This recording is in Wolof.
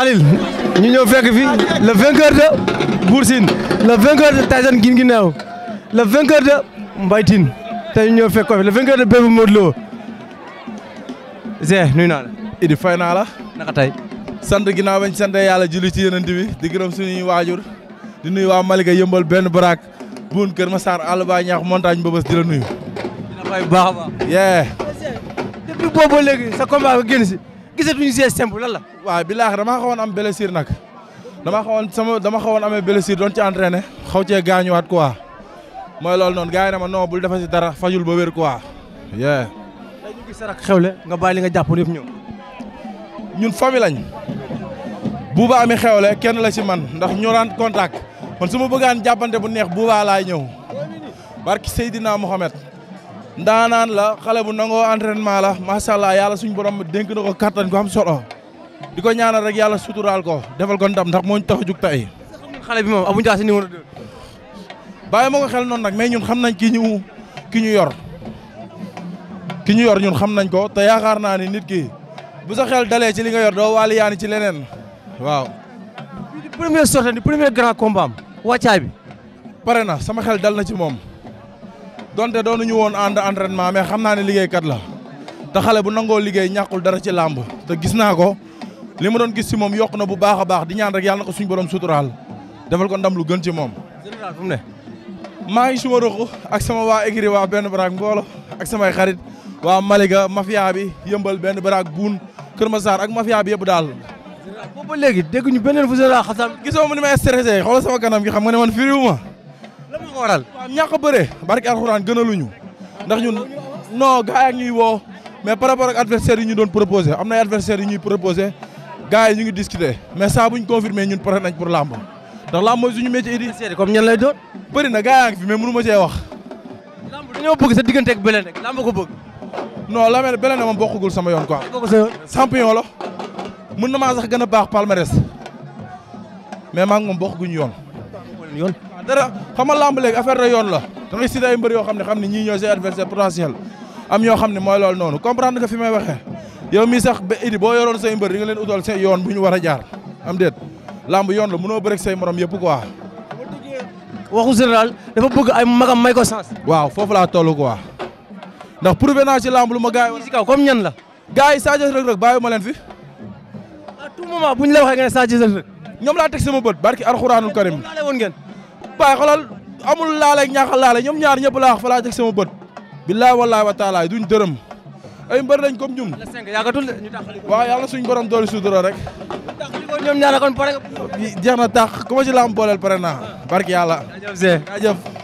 Alil ñu ñëw fekk fi le vainqueur de Bour Sine le vainqueur de Tyson Guinguinéo le vainqueur de Mbaye Tine tey ñu ñëw fekk ko fi le vainqueur de Bébé Modou Lo Zé naa la. Idi fay naa la. naka tey. sant ginnaaw bañ sant yàlla julli ci yonent di gërëm suñuy waajur di nuy waa Malika yëmbal benn baraak buun Kër Massar àll ba ñaax montagne Mbëbës di nuyu. di la fay léegi sa combat ba génn si. gisatuñu siège simple lan la. waaw bilaahi damaa xawoon am blessure nag dama xawoon sama dama xawoon amee blessure doon ci entraîné xaw cee gaañuwaat quoi mooy loolu noon gars ma non bul defa si dara fajul ba wér quoi. yee. tey ñu xewle nga bàyyi li nga jàppoon yëpp ñëw. ñun famille lañ. buuba amee xewle kenn la si man ndax ñu daan contact man su ma bëggaan jàppante bu neex buuba laay ñëw barki Mohamed. ndaanaan la xale bu nangoo entraînement la macha allah yàlla suñu borom dénk na ko kattan gu am solo di ko ñaanal rek yàlla suturaal ko defal ko ndam ndax moo ñu tax a jug tey. xale bi moom Abou Ndiassé numéro 2. bàyyi ma ko xel noonu nag mais ñun xam nañ ki ñu ki ñu yor ki ñu yor ñun xam nañ ko te yaakaar naa ni nit ki bu sa xel dalee ci li nga yor doo waali yaani ci leneen waaw. di premier sortie ni premier grand combat am wàccaay bi. pare na sama xel dal na ci moom. donte doonuñu woon ànd entraînement mais xam naa ne liggéeykat la te xale bu nangoo liggéey ñàkkul dara ci làmb te gis naa ko li ma doon gis ci moom yokk na bu baax a baax di ñaan rek yàlla na ko suñu borom suturaal defal ko ndam lu gën ci moom. général fu mu ne. maa ngi suma ruq ak sama waa écurie waa benn baraag mboolo ak samay xarit waa Malika mafia bi yëmbal benn baraag buun Kër Massar ak mafia bi yëpp daal. général boobu ba léegi dégguñu beneen fu général xasaam. gisoo ni may stressé xoolal sama kanam gi xam nga ne man ko waral. waaw ñàkk a bëre barke alxuraan gënaluñu ndax ñun non gars ñuy woo mais par rapport ak adversaire yi ñu doon proposé am na ay adversaires yi ñuy proposé gars yi ñu ngi discuter mais saa bu ñu confirmé ñun pare nañ pour làmb ndax làmb mooy suñu métier idi. bëri na gars ngi fi mais mënu ma cee wax. làmb dañoo bëgg sa diggante ak Belende làmb ko bëgg. non la mel Belende moom bokkugul sama yoon quoi. bokkul sa yoon champion la. mën na maa sax gën a baax palmarès mais maa ngi moom bokkuguñu yoon. yoon. dara xama lamb léegi affaire la yoon la da ngay yoo xam ne xam ne ñii ñooy say adversaire am ñoo xam ne mooy loolu noonu comprendre nga fi may waxee yow sax ba idi boo yoroon say mbër di nga leen utal say yoon bu ñu war a jaar am déet lamb yoon la mënoo bëreeg say morom yëpp quoi waxu général dafa bëgg ay magam may ko sens waaw foofu laa ko quoi ndax prouvé naa ci lamb lu ma gars yi ñan la gars yi Sa Thiès Reug Reug ma leen fi à tout moment bu ñu Sa Thiès Reug Reug ñoom laa teg sama bët baay xoolal amul laale ak ñaax laale ñoom ñaar ñëpp laa wax fa laa teg sama bët. billaay wallaay wa taala duñ dërëm ay mbër lañ comme ñun. waaw yàlla suñ borom doole sutura rek. ñoom ñaar kon pare. jeex na tax ku ma ci lamb booleel pare naa. barki yàlla. jaajëf